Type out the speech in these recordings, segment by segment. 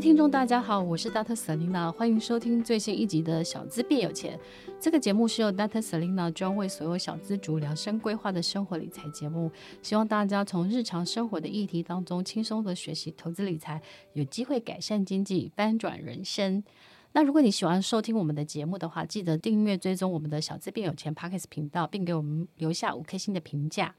聽眾大家好，我是 Dr. Selena，歡迎收聽最新一集的《小資變有錢》。這個節目是由 Dr. Selena 專為所有小資族量身規劃的生活理財節目，希望大家從日常生活的議題當中輕鬆的學習投資理財，有機會改善經濟，翻轉人生。那如果你喜歡收聽我們的節目的話，記得訂閱追蹤我們的《小資變有錢》Podcast 頻道，並給我們留下五顆星的評價。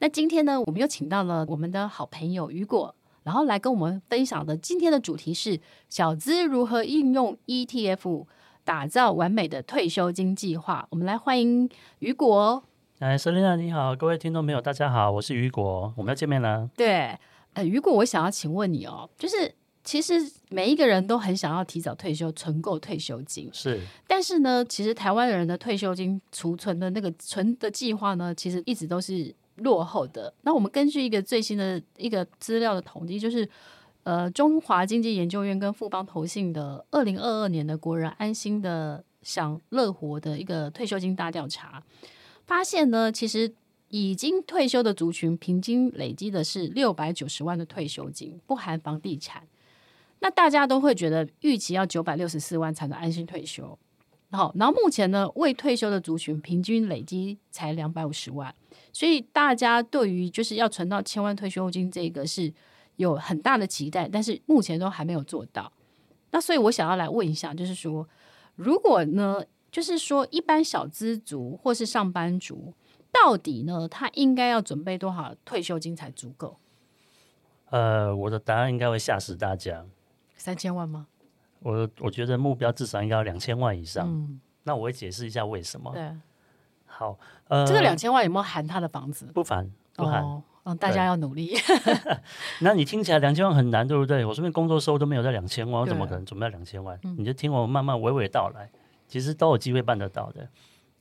那今天呢，我們又請到了我們的好朋友雨果。然後來跟我們分享的今天的主題是小資如何應用 ETF 打造完美的退休金計劃。我們來歡迎雨果。哎，Selina，你好，各位聽眾朋友，大家好，我是雨果，我們要見面了。對，呃，雨果，我想要請問你哦，就是其實每一個人都很想要提早退休，存夠退休金。是，但是呢，其實台灣人的退休金儲存的那個存的計劃呢，其實一直都是。落後的，那我們根據一個最新的一個資料的統計，就是呃，中華經濟研究院跟富邦投信的二零二二年的國人安心的享樂活的一個退休金大調查，發現呢，其實已經退休的族群平均累積的是六百九十萬的退休金，不含房地產。那大家都會覺得預期要九百六十四萬才能安心退休。好，然後目前呢，未退休的族群平均累積才兩百五十萬。所以大家對於就是要存到千萬退休金這個是有很大的期待，但是目前都還沒有做到。那所以我想要來問一下，就是說，如果呢，就是說一般小資族或是上班族，到底呢他應該要準備多少退休金才足夠？呃，我的答案應該會嚇死大家，三千萬嗎？我我覺得目標至少應該要兩千萬以上。嗯，那我會解釋一下為什麼。對。好，呃，這個兩千萬有沒有含他的房子？不含，不含。哦對、嗯，大家要努力。 那你聽起來兩千萬很難，對不對？我說明工作收入都沒有在兩千萬，對我怎麼可能準備兩千萬？嗯、你就聽我慢慢娓娓道來，其實都有機會辦得到的。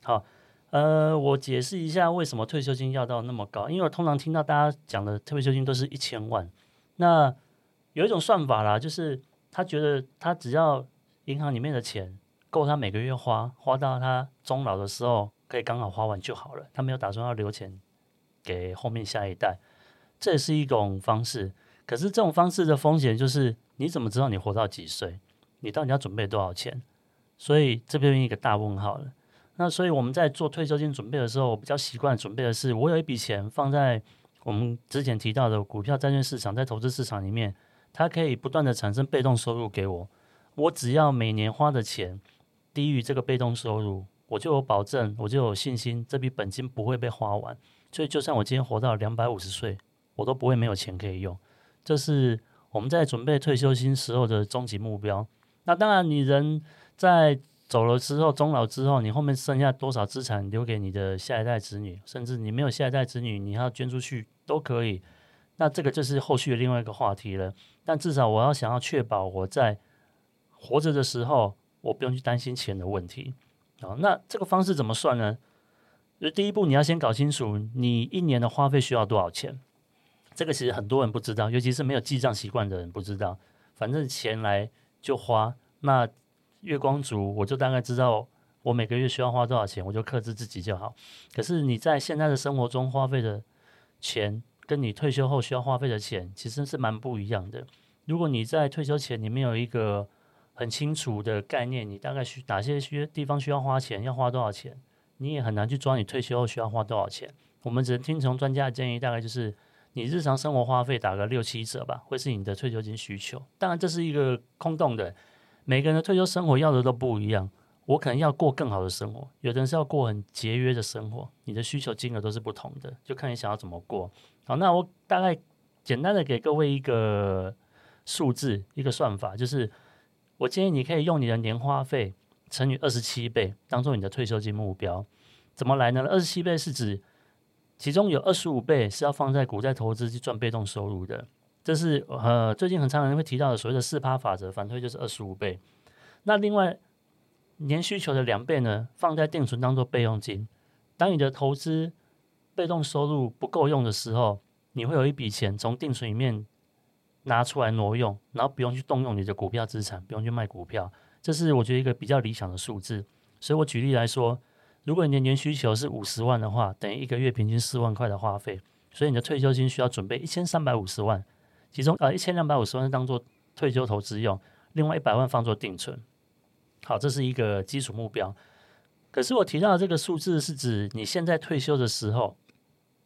好，呃，我解釋一下為什麼退休金要到那麼高，因為我通常聽到大家講的退休金都是一千萬。那有一種算法啦，就是他覺得他只要銀行裡面的錢夠他每個月花，花到他終老的時候。可以剛好花完就好了，他沒有打算要留錢給後面下一代，這也是一種方式。可是這種方式的風險就是，你怎麼知道你活到幾歲？你到底要準備多少錢？所以這邊一個大問號了。那所以我們在做退休金準備的時候，我比較習慣準備的是，我有一筆錢放在我們之前提到的股票債券市場，在投資市場裡面，它可以不斷的產生被動收入給我。我只要每年花的錢低於這個被動收入。我就有保證，我就有信心，這筆本金不會被花完。所以，就算我今天活到兩百五十歲，我都不會沒有錢可以用。這是我們在準備退休金時候的終極目標。那當然，你人在走了之後，終老之後，你後面剩下多少資產留給你的下一代子女，甚至你沒有下一代子女，你要捐出去都可以。那這個就是後續的另外一個話題了。但至少我要想要確保我在活着的時候，我不用去擔心錢的問題。哦，那這個方式怎麼算呢？就第一步，你要先搞清楚你一年的花費需要多少錢。這個其實很多人不知道，尤其是沒有記賬習慣的人不知道。反正錢來就花，那月光族我就大概知道我每個月需要花多少錢，我就克制自己就好。可是你在現在的生活中花費的錢，跟你退休後需要花費的錢其實是蠻不一樣的。如果你在退休前，你沒有一個很清楚的概念，你大概需哪些需地方需要花錢，要花多少錢？你也很難去抓你退休後需要花多少錢？我們只能聽從專家的建議，大概就是你日常生活花費打個六七折吧，會是你的退休金需求。當然，這是一個空洞的，每個人的退休生活要的都不一樣。我可能要過更好的生活，有的人是要過很節約的生活，你的需求金額都是不同的，就看你想要怎麼過。好，那我大概簡單的給各位一個數字，一個算法，就是。我建議你可以用你的年花費乘以二十七倍當做你的退休金目標，怎麼來呢？二十七倍是指其中有二十五倍是要放在股債投資去賺被動收入的，這是呃最近很常人會提到的所謂的四趴法則，反推就是二十五倍。那另外年需求的兩倍呢，放在定存當做備用金。當你的投資被動收入不夠用的時候，你會有一筆錢從定存裡面。拿出來挪用，然後不用去動用你的股票資產，不用去賣股票，這是我覺得一個比較理想的數字。所以我舉例來說，如果你的年需求是五十萬的話，等於一個月平均四萬塊的花費，所以你的退休金需要準備一千三百五十萬，其中啊一千兩百五十萬是當做退休投資用，另外一百萬放作定存。好，這是一個基礎目標。可是我提到的這個數字是指你現在退休的時候，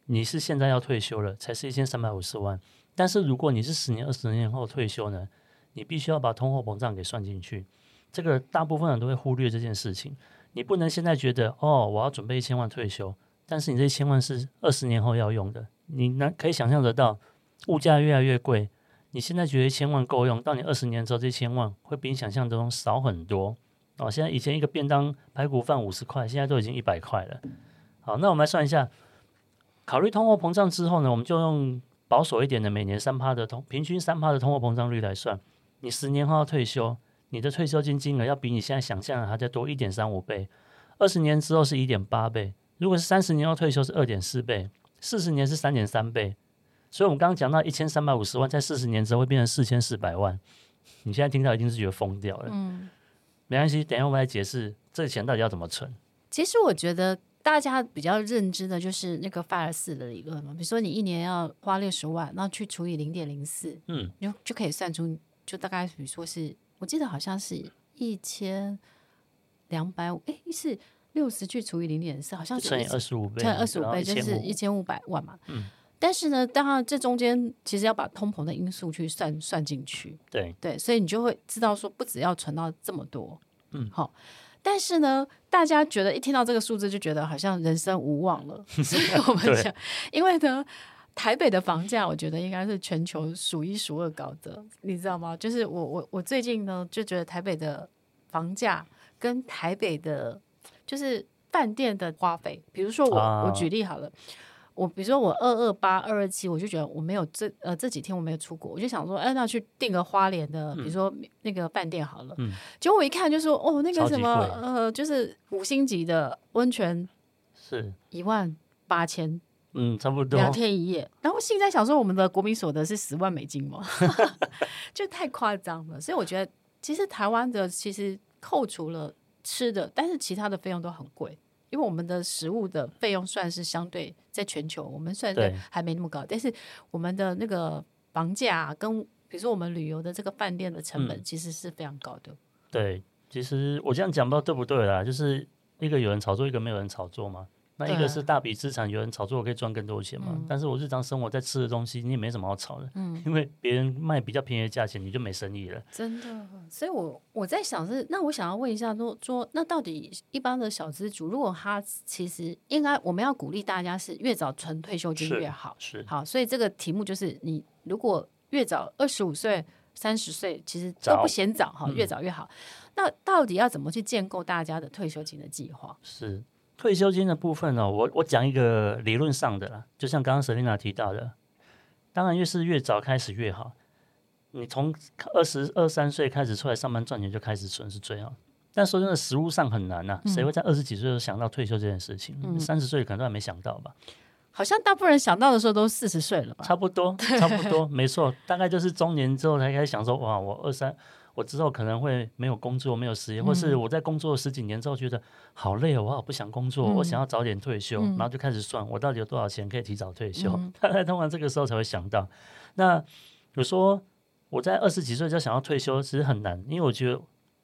你是現在要退休了才是一千三百五十萬。但是如果你是十年、二十年後退休呢，你必須要把通貨膨脹給算進去。這個大部分人都會忽略這件事情。你不能現在覺得哦，我要準備一千萬退休，但是你這一千萬是二十年後要用的。你那可以想象得到，物價越來越貴。你現在覺得一千萬夠用，到你二十年之後，這一千萬會比你想象中少很多。哦，現在以前一個便當排骨飯五十塊，現在都已經一百塊了。好，那我們來算一下，考慮通貨膨脹之後呢，我們就用。保守一點的，每年三趴的通，平均三趴的通貨膨脹率來算，你十年後要退休，你的退休金金額要比你現在想象的還要多一點三五倍，二十年之後是一點八倍，如果是三十年後退休是二點四倍，四十年是三點三倍。所以，我們剛剛講到一千三百五十萬，在四十年之後會變成四千四百萬。 你現在聽到一定是覺得瘋掉了。嗯，沒關係，等一下我們來解釋這個錢到底要怎麼存。其實我覺得。大家比較認知的就是那個 FIRE 四的理論嘛，比如說你一年要花六十萬，那去除以零點零四，嗯，你就可以算出，就大概，比如說是，我記得好像是一千兩百五，哎，是六十去除以零點四，好像乘以二十五倍，乘以二十五倍就是一千五百萬嘛，嗯。但是呢，當然這中間其實要把通膨的因素去算算進去，對對，所以你就會知道說，不只要存到這麼多，嗯，好。但是呢，大家覺得一聽到這個數字就覺得好像人生無望了。所以我們講， 對因為呢，台北的房價我覺得應該是全球數一數二高的，你知道嗎？就是我我我最近呢就覺得台北的房價跟台北的，就是飯店的花費，比如說我，啊，我舉例好了。我比如說我二二八二二七，我就覺得我沒有這呃這幾天我沒有出國，我就想說，哎、呃、那去訂個花蓮的，嗯、比如說那個飯店好了。嗯。結果我一看就說，哦，那個什麼呃就是五星級的溫泉，是一萬八千，嗯，差不多兩天一夜。然後現在想說我們的國民所得是十萬美金嘛， 就太誇張了，所以我覺得其實台灣的其實扣除了吃的，但是其他的費用都很貴。因為我們的食物的費用算是相對，在全球我們算是還沒那麼高，對但是我們的那個房價跟，比如說我們旅遊的這個飯店的成本，其實是非常高的。嗯。對，其實我這樣講不知道對不對啦，就是一個有人炒作，一個沒有人炒作嘛。那一個是大筆資產，有人炒作我可以賺更多錢嘛？嗯、但是我日常生活在吃的東西，你也沒什麼好炒的，嗯、因為別人賣比較便宜的價錢，你就沒生意了。真的，所以我我在想是，那我想要問一下說，說說那到底一般的小資族，如果他其實應該我們要鼓勵大家是越早存退休金越好，是，是好，所以這個題目就是你如果越早二十五歲、三十歲，其實都不嫌早，哈早、哦，越早越好。嗯、那到底要怎麼去建構大家的退休金的計劃？是。退休金的部分呢、哦，我我講一個理論上的啦，就像剛剛 Selina 提到的，當然越是越早開始越好，你從二十二三歲開始出來上班賺錢就開始存是最好的，但說真的實務上很難吶、啊，誰會在二十幾歲想到退休這件事情？三十、嗯、歲可能都還沒想到吧？好像大部分人想到的時候都四十歲了吧？差不多，差不多， 沒錯，大概就是中年之後才開始想說，哇，我二三。我之後可能會沒有工作，沒有事業，或是我在工作十幾年之後覺得、嗯、好累哦，我好不想工作，嗯、我想要早點退休，嗯、然後就開始算我到底有多少錢可以提早退休。嗯、大概通常這個時候才會想到。那比如說我在二十幾歲就想要退休，其實很難，因為我覺得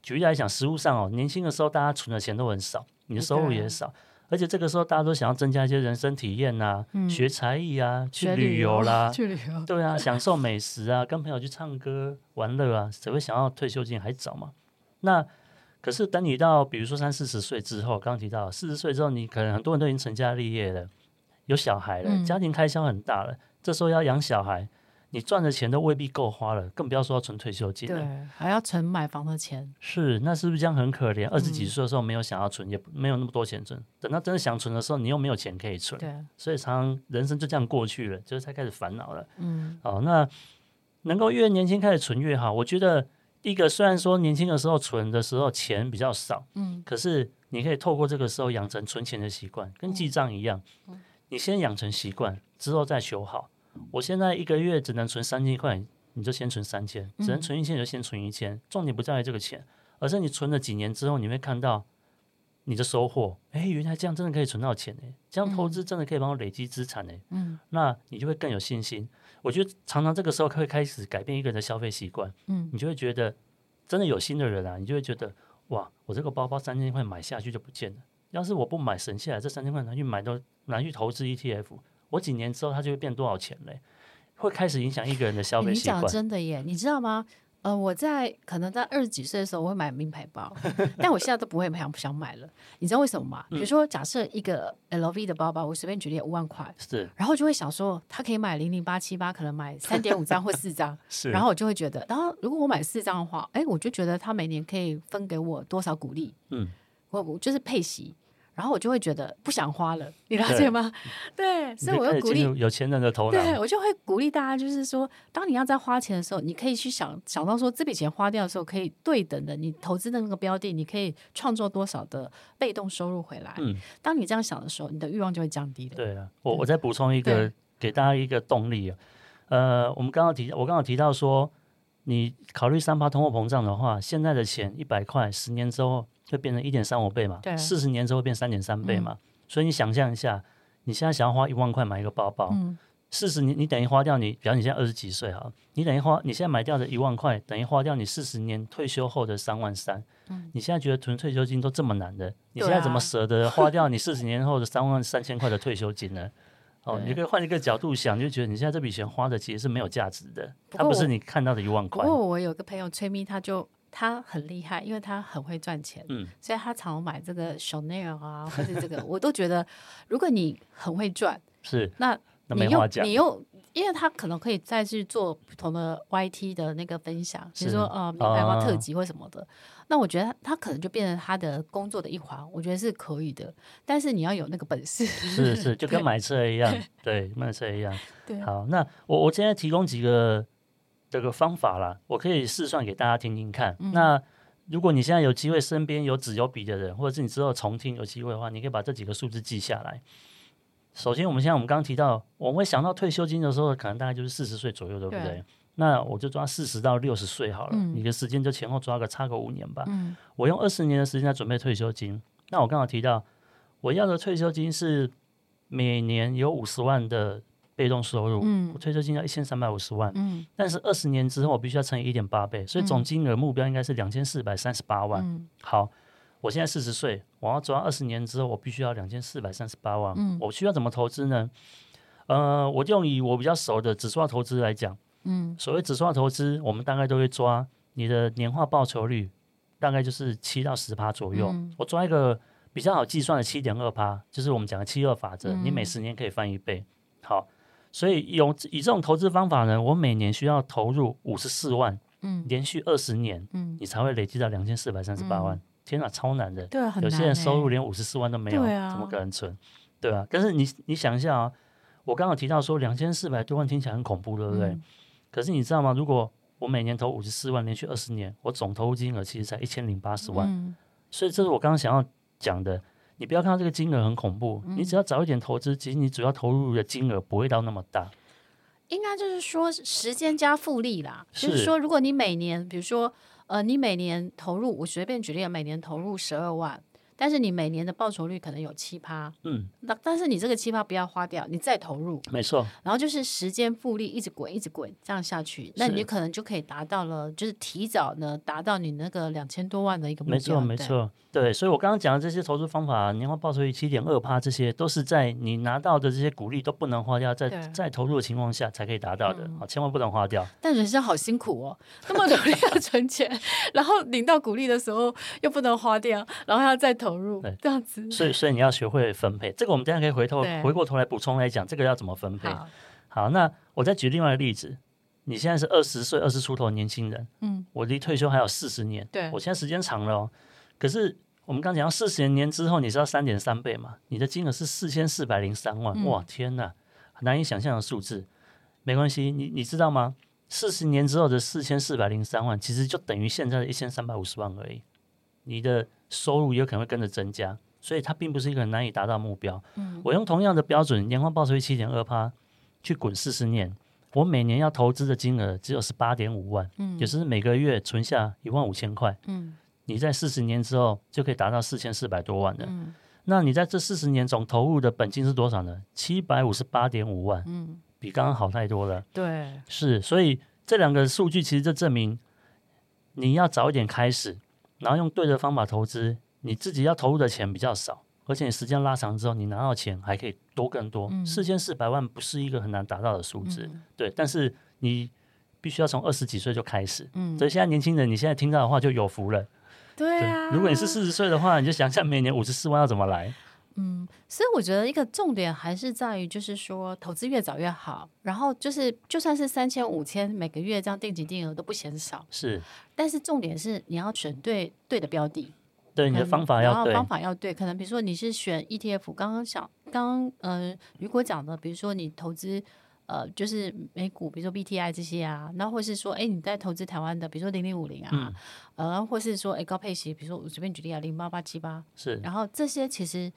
舉例來講，實務上哦，年輕的時候大家存的錢都很少，你的收入也少。Okay. 而且這個時候，大家都想要增加一些人生體驗吶、啊，嗯、學才藝啊，去旅遊啦、啊，對啊，享受美食啊，跟朋友去唱歌玩樂啊，誰會想要退休金還早嘛？那可是等你到，比如說三四十歲之後，剛剛提到四十歲之後，你可能很多人都已經成家立業了，有小孩了，嗯、家庭開銷很大了，這時候要養小孩。你賺的錢都未必夠花了，更不要說要存退休金了。對，還要存買房的錢。是，那是不是這樣很可憐？嗯、二十幾歲的時候沒有想要存，也沒有那麼多錢存。等到真的想存的時候，你又沒有錢可以存。對，所以常常人生就這樣過去了，就是才開始煩惱了。嗯，好，那能夠越年輕開始存越好。嗯、我覺得，第一個雖然說年輕的時候存的時候錢比較少，嗯，可是你可以透過這個時候養成存錢的習慣，跟記賬一樣。嗯，嗯，你先養成習慣，之後再修好。我現在一個月只能存三千塊，你就先存三千，只能存一千你就先存一千。重點不在於這個錢，而是你存了幾年之後，你會看到你的收穫。誒，原來這樣真的可以存到錢誒、欸，這樣投資真的可以幫我累積資產誒、欸，嗯、那你就會更有信心。我覺得常常這個時候會開始改變一個人的消費習慣。嗯，你就會覺得真的有心的人啊，你就會覺得哇，我這個包包三千塊買下去就不見了。要是我不買省下來這三千塊，拿去買都拿去投資 ETF。我幾年之後它就會變多少錢嘞、欸？會開始影響一個人的消費習慣、欸、你講真的耶，你知道嗎？呃，我在可能在二十幾歲的時候，我會買名牌包， 但我現在都不會想不想買了。你知道為什麼嗎？嗯、比如說，假設一個 LV 的包包，我隨便舉例五萬塊，是，然後就會想說，他可以買零零八七八，可能買三點五張或四張， 是，然後我就會覺得，然後如果我買四張的話，哎、欸，我就覺得他每年可以分給我多少股利，嗯，我我就是配息。然後我就會覺得不想花了，你了解嗎？對，對，所以我就鼓勵有錢人的頭腦。對，我就會鼓勵大家，就是說，當你要在花錢的時候，你可以去想想到說，這筆錢花掉的時候，可以對等的你投資的那個標的，你可以創作多少的被動收入回來。嗯，當你這樣想的時候，你的欲望就會降低了。對啊，我我再補充一個，對給大家一個動力啊。呃，我們剛剛提，我剛剛提到說，你考慮3%通貨膨脹的話，現在的錢一百塊，十年之後。就變成一點三五倍嘛，四十、啊、年之後變三點三倍嘛，嗯、所以你想象一下，你現在想要花一萬塊買一個包包，四十、嗯、年你等於花掉你，比如你現在二十幾歲哈，你等於花你現在買掉的一萬塊，等於花掉你四十年退休後的三萬三。嗯，你現在覺得存退休金都這麼難的，嗯、你現在怎麼捨得花掉你四十年後的三萬三千塊的退休金呢？對啊、 哦，你可以換一個角度想，就覺得你現在這筆錢花的其實是沒有價值的，不它不是你看到的一萬塊不。不過我有個朋友崔蜜，他就他很厲害，因為他很會賺錢，嗯，所以他常買這個 Chanel 啊，或是這個，我都覺得，如果你很會賺，是，那你又，你又因為他可能可以再去做不同的 YT 的那個分享，比如說呃，品牌包特輯或什麼的，那我覺得他可能就變成他的工作的一環，我覺得是可以的，但是你要有那個本事，是是，就跟買車一樣，對，買車一樣，對。好，那我我現在提供幾個。這個方法啦，我可以試算給大家聽聽看。嗯、那如果你現在有機會，身邊有紙有筆的人，或者是你之後重聽有機會的話，你可以把這幾個數字記下來。首先，我們現在我們剛提到，我們會想到退休金的時候，可能大概就是四十歲左右，對不對？對。那我就抓四十到六十歲好了，嗯、你的時間就前後抓個差個五年吧。嗯、我用二十年的時間來準備退休金，那我剛好提到我要的退休金是每年有五十萬的。被動收入，嗯、我退休金要一千三百五十萬，嗯、但是二十年之後我必須要乘以一點八倍，所以總金額目標應該是兩千四百三十八萬。嗯嗯、好，我現在四十歲，我要抓二十年之後我必須要兩千四百三十八萬，嗯、我需要怎麼投資呢？呃，我就用以我比較熟的指數化投資來講，嗯、所謂指數化投資，我們大概都會抓你的年化報酬率，大概就是七到十趴左右。嗯、我抓一個比較好計算的七點二趴，就是我們講的七二法則，嗯、你每十年可以翻一倍。好。所以有以這種投資方法呢，我每年需要投入五十四萬，嗯、連續二十年，嗯、你才會累積到兩千四百三十八萬。嗯、天哪、啊，超難的，很難欸、有些人收入連五十四萬都沒有，對啊，怎麼、啊、可能存？對吧？但是你你想一下啊，我剛剛提到說兩千四百多萬聽起來很恐怖，對不對？嗯、可是你知道嗎？如果我每年投五十四萬，連續二十年，我總投入金額其實才一千零八十萬。嗯、所以這是我剛剛想要講的。你不要看到這個金額很恐怖，嗯、你只要早一點投資，其實你主要投入的金額不會到那麼大。應該就是說時間加複利啦，是，就是說如果你每年，比如說呃，你每年投入，我隨便舉例，每年投入十二萬。但是你每年的報酬率可能有七趴，嗯，那但是你這個七趴不要花掉，你再投入，沒錯。然後就是時間複利，一直滾，一直滾，這樣下去，那是你可能就可以達到了，就是提早呢達到你那個兩千多萬的一個目標，沒錯，沒錯，對，對。所以我剛剛講的這些投資方法，年化報酬率七點二趴，這些都是在你拿到的這些股利都不能花掉，在再對投入的情況下才可以達到的，啊、嗯，千萬不能花掉。但人生好辛苦哦，那麼努力要存錢， 然後領到股利的時候又不能花掉，然後要再投入。投入對，這樣子，所以所以你要學會分配。這個我們等一下可以回頭對回過頭來補充來講，這個要怎麼分配？好，好，那我再舉另外一個例子。你現在是二十歲、二十出頭的年輕人，嗯，我離退休還有四十年，對我現在時間長了哦。可是我們剛講到四十年之後，你知道三點三倍嘛？你的金額是四千四百零三萬，嗯、哇，天吶，難以想象的數字。沒關係，你你知道嗎？四十年之後的四千四百零三萬，其實就等於現在的一千三百五十萬而已。你的。收入也可能會跟着增加，所以它並不是一個難以達到目標。嗯，我用同樣的標準，年化報酬率七點二趴，去滾四十年，我每年要投資的金額只有十八點五萬，嗯，也就是每個月存下一萬五千塊，嗯，你在四十年之後就可以達到四千四百多萬了。嗯，那你在這四十年總投入的本金是多少呢？七百五十八點五萬，嗯，比剛剛好太多了。對，是，所以這兩個數據其實就證明你要早一點開始。然後用對的方法投資，你自己要投入的錢比較少，而且你時間拉長之後，你拿到錢還可以多更多。四千四百萬不是一個很難達到的數字，嗯、對。但是你必須要從二十幾歲就開始，嗯、所以現在年輕人你現在聽到的話就有福了。嗯、對，如果你是四十歲的話，你就想想每年五十四萬要怎麼來。嗯，所以我覺得一個重點還是在於，就是說投資越早越好。然後就是，就算是三千、五千每個月這樣定期定額都不嫌少。是，但是重點是你要選對對的標的，對能你的方法要對，然後方法要對。可能比如說你是選 ETF，剛剛講剛嗯、呃，如果講的，比如說你投資呃，就是美股，比如說 B T I 這些啊，那或是說，哎，你在投資台灣的，比如說零零五零啊，嗯、呃，或是說，哎，高配息，比如說我隨便舉例啊，零八八七八是，然後這些其實。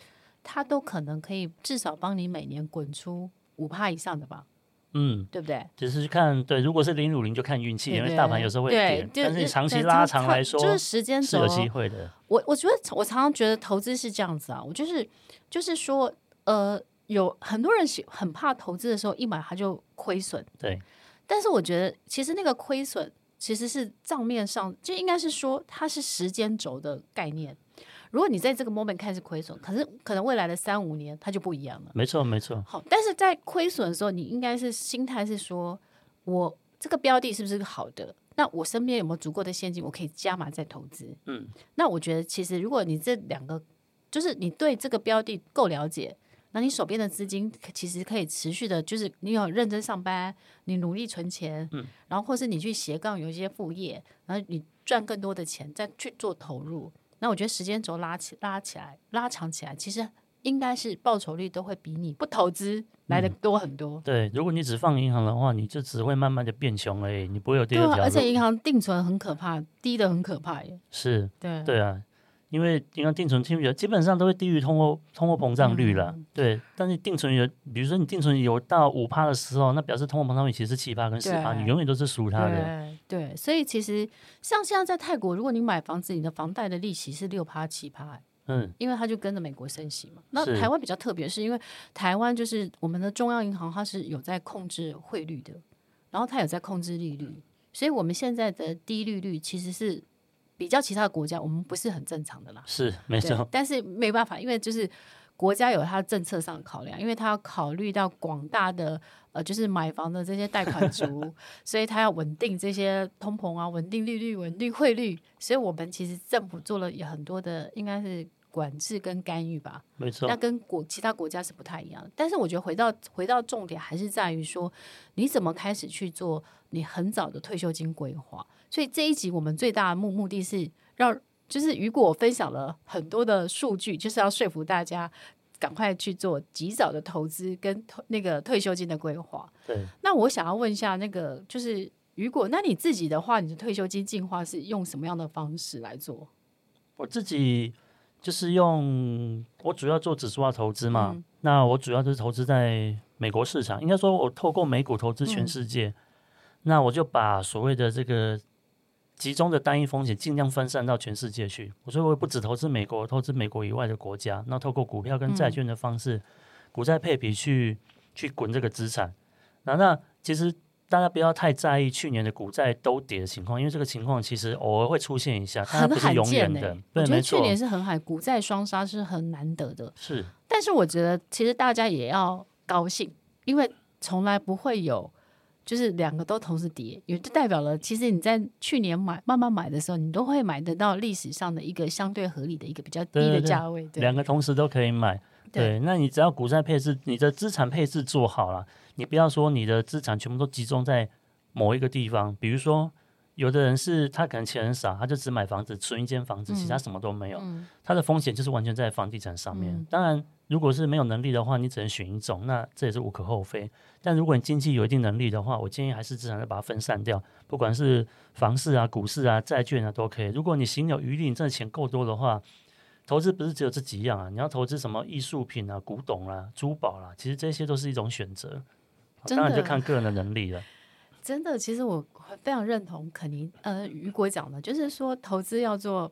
它都可能可以至少幫你每年滾出五趴以上的吧，嗯，對不對？只是看對，如果是零五零就看運氣。對對，因為大盤有時候會跌。對對對，但是你長期拉長來說，就是時間是有機會的。我我覺得我常常覺得投資是這樣子啊，我就是就是說，呃，有很多人喜很怕投資的時候一買它就虧損，對。但是我覺得其實那個虧損其實是賬面上，就應該是說它是時間軸的概念。如果你在這個 moment 看是虧損，可是可能未來的三五年它就不一樣了。沒錯，沒錯。好，但是在虧損的時候，你應該是心態是說，我這個標的是不是個好的？那我身邊有沒有足夠的現金，我可以加碼再投資？嗯。那我覺得，其實如果你這兩個，就是你對這個標的夠了解，那你手邊的資金其實可以持續的，就是你有認真上班，你努力存錢，嗯，然後或是你去斜槓有一些副業，然後你賺更多的錢，再去做投入。那我覺得時間軸拉起、拉起來、拉長起來，其實應該是報酬率都會比你不投資來的多很多。嗯。對，如果你只放銀行的話，你就只會慢慢的變窮而已，你不會有第二條路。對，而且銀行定存很可怕，低的很可怕耶。是，對對啊。因為你看定存利率基本上都會低於通貨通貨膨脹率了，嗯、對。但是定存有，比如說你定存有到五趴的時候，那表示通貨膨脹率其實是七趴跟四趴，對你永遠都是輸他的，對。對，所以其實像現在在泰國，如果你買房子，你的房貸的利息是六趴七趴，欸、嗯，因為它就跟着美國升息嘛。那台灣比較特別是，是因為台灣就是我們的中央銀行它是有在控制匯率的，然後它有在控制利率，所以我們現在的低利率，率其實是。比較其他的國家，我們不是很正常的啦，是沒錯。但是沒辦法，因為就是國家有它的政策上的考量，因為它要考慮到廣大的呃，就是買房的這些貸款族， 所以他要穩定這些通膨啊，穩定利率、穩定匯率。所以我們其實政府做了也很多的，應該是管制跟干預吧，沒錯。那跟國其他國家是不太一樣的。但是我覺得回到回到重點，還是在於說，你怎麼開始去做你很早的退休金規劃。所以這一集我們最大的目目的是讓就是雨果分享了很多的數據，就是要說服大家趕快去做及早的投資跟那個退休金的規劃。對，那我想要問一下，那個就是雨果，那你自己的話，你的退休金計劃是用什麼樣的方式來做？我自己就是用我主要做指數化投資嘛，嗯、那我主要就是投資在美國市場，應該說我透過美股投資全世界，嗯、那我就把所謂的這個。集中的單一風險，儘量分散到全世界去。我說我也不只投資美國，投資美國以外的國家。那透過股票跟債券的方式，嗯、股債配比，去去滾這個資產。啊、那那其實大家不要太在意去年的股債都跌的情況，因為這個情況其實偶爾會出現一下，但它不是永遠的。很罕見欸、對我覺得去年是很好，股債雙殺是很難得的。是，但是我覺得其實大家也要高興，因為從來不會有。就是兩個都同時跌，因為這代表了，其實你在去年買慢慢買的時候，你都會買得到歷史上的一個相對合理的一個比較低的價位。對。兩個同時都可以買，對。對，那你只要股債配置，你的資產配置做好了，你不要說你的資產全部都集中在某一個地方，比如說。有的人是他可能錢很少，他就只買房子，存一間房子，其他什麼都沒有。嗯嗯、他的風險就是完全在房地產上面。嗯、當然，如果是沒有能力的話，你只能選一種，那這也是無可厚非。但如果你經濟有一定能力的話，我建議還是資產要把它分散掉，不管是房市啊、股市啊、債券啊都可以。如果你行有餘力，你這錢夠多的話，投資不是只有這幾樣啊，你要投資什麼藝術品啊、古董啦、啊、珠寶啦、啊，其實這些都是一種選擇，的當然就看個人的能力了。真的，其實我非常認同肯尼，呃，雨果講的，就是說投資要做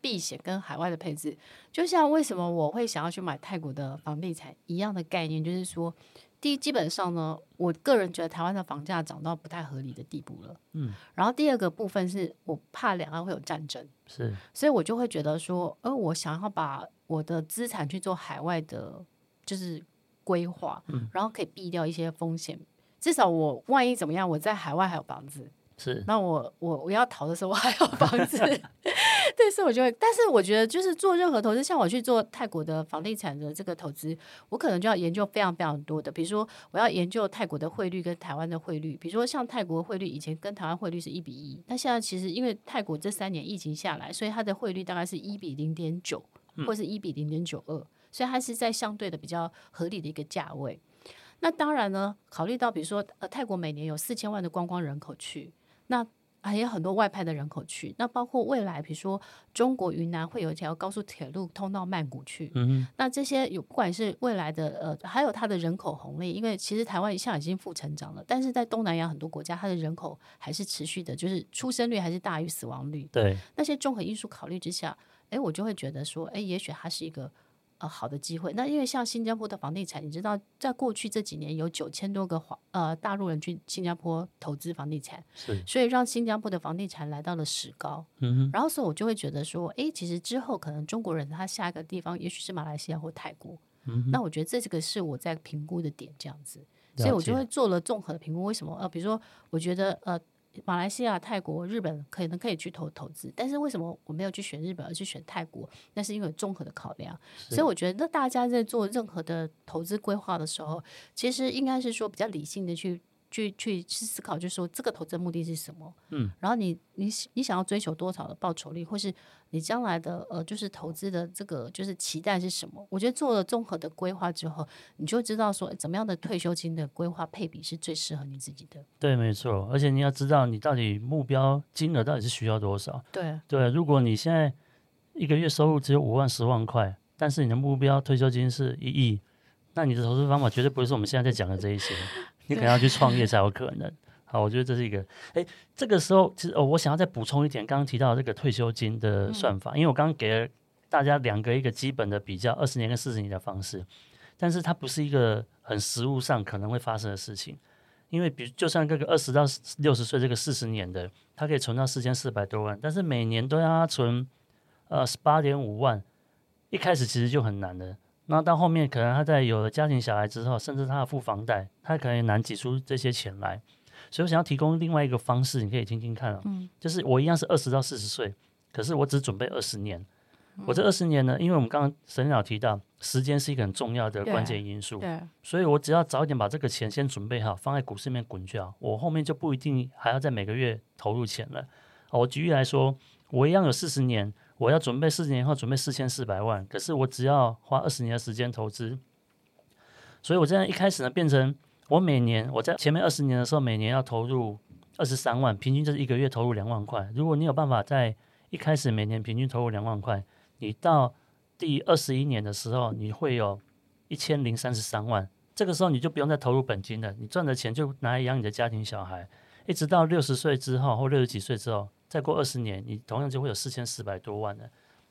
避險跟海外的配置，就像為什麼我會想要去買泰國的房地產一樣的概念，就是說，第一，基本上呢，我個人覺得台灣的房價漲到不太合理的地步了，嗯，然後第二個部分是我怕兩岸會有戰爭，是，所以我就會覺得說，呃，我想要把我的資產去做海外的，就是規劃，嗯，然後可以避掉一些風險。至少我萬一怎麼樣，我在海外還有房子，是，那我我我要逃的時候，我還有房子， 對，所以我就會，但是我覺得就是做任何投資，像我去做泰國的房地產的這個投資，我可能就要研究非常非常多的，比如說我要研究泰國的匯率跟台灣的匯率，比如說像泰國匯率以前跟台灣匯率是一比一，但現在其實因為泰國這三年疫情下來，所以它的匯率大概是一比零點九，或是一比零點九二，所以它是在相對的比較合理的一個價位。那當然呢，考慮到比如說呃，泰國每年有四千萬的觀光人口去，那還有很多外派的人口去，那包括未來比如說中國雲南會有一條高速鐵路通到曼谷去，嗯哼，那這些有不管是未來的呃，還有它的人口紅利，因為其實台灣一向已經負成長了，但是在東南亞很多國家，它的人口還是持續的，就是出生率還是大於死亡率，對，那些綜合因素考慮之下，哎，我就會覺得說，哎，也許它是一個。呃，好的機會。那因為像新加坡的房地產，你知道，在過去這幾年有九千多個華呃大陸人去新加坡投資房地產，是所以讓新加坡的房地產來到了史高。嗯、哼然後，所以我就會覺得說，哎，其實之後可能中國人他下一個地方也許是馬來西亞或泰國。嗯、哼那我覺得這這個是我在評估的點，這樣子，了了所以我就會做了綜合的評估。為什麼？呃，比如說，我覺得呃。馬來西亞、泰國、日本，可能可以去投投資，但是為什麼我沒有去選日本，而去選泰國？那是因為綜合的考量。是所以我覺得，那大家在做任何的投資規劃的時候，其實應該是說比較理性的去去去思考，就是說這個投資目的是什麼？嗯，然後你你你想要追求多少的報酬率，或是？你將來的呃，就是投資的這個，就是期待是什麼？我覺得做了綜合的規劃之後，你就知道說，呃，怎麼樣的退休金的規劃配比是最適合你自己的。對，沒錯。而且你要知道，你到底目標金額到底是需要多少？對。對，如果你現在一個月收入只有五萬、十萬塊，但是你的目標退休金是一億，那你的投資方法絕對不是我們現在在講的這一些， 對你可能要去創業才有可能。 好，我覺得這是一個。誒，這個時候其實哦，我想要再補充一點，剛剛提到這個退休金的算法，嗯、因為我剛剛給了大家兩個一個基本的比較，二十年跟四十年的方式，但是它不是一個很實務上可能會發生的事情，因為比如就算這個二十到六十歲這個四十年的，它可以存到四千四百多萬，但是每年都要他存呃十八點五萬，一開始其實就很難的。那到後面可能他在有了家庭小孩之後，甚至他要付房貸，他可能也難擠出這些錢來。所以，我想要提供另外一個方式，你可以聽聽看啊、哦。嗯、就是我一樣是二十到四十歲，可是我只準備二十年。嗯、我這二十年呢，因為我們剛剛沈老提到，時間是一個很重要的關鍵因素。對。所以我只要早點把這個錢先準備好，放在股市裡面滾掉，我後面就不一定還要在每個月投入錢了。好，我舉例來說，我一樣有四十年，我要準備四十年後準備四千四百萬，可是我只要花二十年的時間投資，所以我這樣一開始呢，變成。我每年我在前面二十年的時候，每年要投入二十三萬，平均就是一個月投入兩萬塊。如果你有辦法在一開始每年平均投入兩萬塊，你到第二十一年的時候，你會有一千零三十三萬。這個時候你就不用再投入本金了，你賺的錢就拿來養你的家庭小孩，一直到六十歲之後或六十幾歲之後，再過二十年，你同樣就會有四千四百多萬了。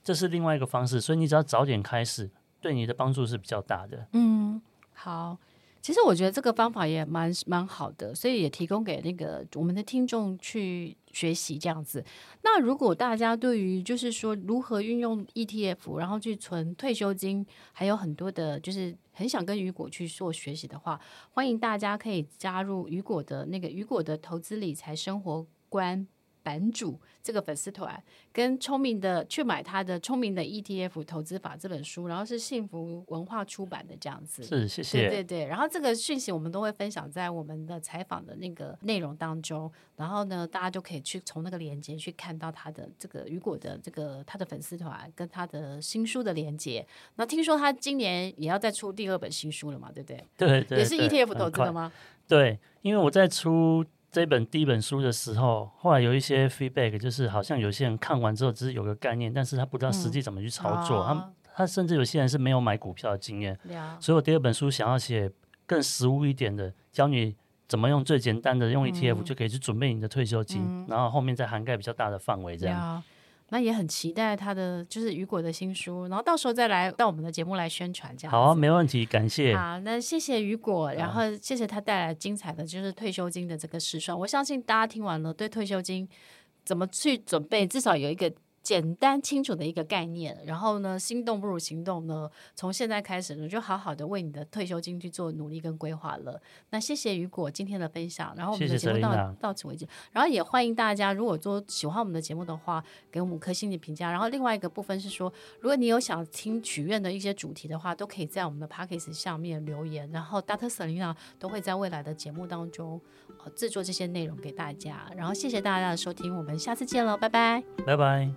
這是另外一個方式，所以你只要早點開始，對你的幫助是比較大的。嗯，好。其實我覺得這個方法也蠻蠻好的，所以也提供給那個我們的聽眾去學習這樣子。那如果大家對於就是說如何運用 ETF，然後去存退休金，還有很多的，就是很想跟雨果去做學習的話，歡迎大家可以加入雨果的那個雨果的投資理財生活觀。版主，這個粉絲團，跟聰明的去買他的《聰明的 ETF 投資法》這本書，然後是幸福文化出版的這樣子。是，謝謝，對對對。然後這個訊息我們都會分享在我們的採訪的那個內容當中，然後呢，大家就可以去從那個鏈接去看到他的這個雨果的這個他的粉絲團跟他的新書的連接。那聽說他今年也要再出第二本新書了嘛？對不對？對，對，對，對，也是 ETF 投資的嗎？對，因為我在出。這本第一本書的時候，後來有一些 feedback，就是好像有些人看完之後只是有個概念，但是他不知道實際怎麼去操作。嗯啊、他他甚至有些人是沒有買股票的經驗，了所以我第二本書想要寫更實務一點的，教你怎麼用最簡單的用 ETF、嗯、就可以去準備你的退休金，嗯、然後後面再涵蓋比較大的範圍這樣。那也很期待他的就是雨果的新書，然後到時候再來到我們的節目來宣傳這樣。好啊，沒問題，感謝。好，啊，那謝謝雨果，然後謝謝他帶來精彩的就是退休金的這個試算，啊，我相信大家聽完了對退休金怎麼去準備，至少有一個。簡單清楚的一個概念，然後呢，心動不如行動呢，從現在開始，你就好好的為你的退休金去做努力跟規劃了。那謝謝雨果今天的分享，然後我們的節目到謝謝到此為止，然後也歡迎大家，如果做喜歡我們的節目的話，給我們五顆星的評價。然後另外一個部分是說，如果你有想聽許願的一些主題的話，都可以在我們的 Podcast 下面留言，然後 Dr. Selena 都會在未來的節目當中製作這些內容給大家。然後謝謝大家的收聽，我們下次見嘍。拜拜，拜拜。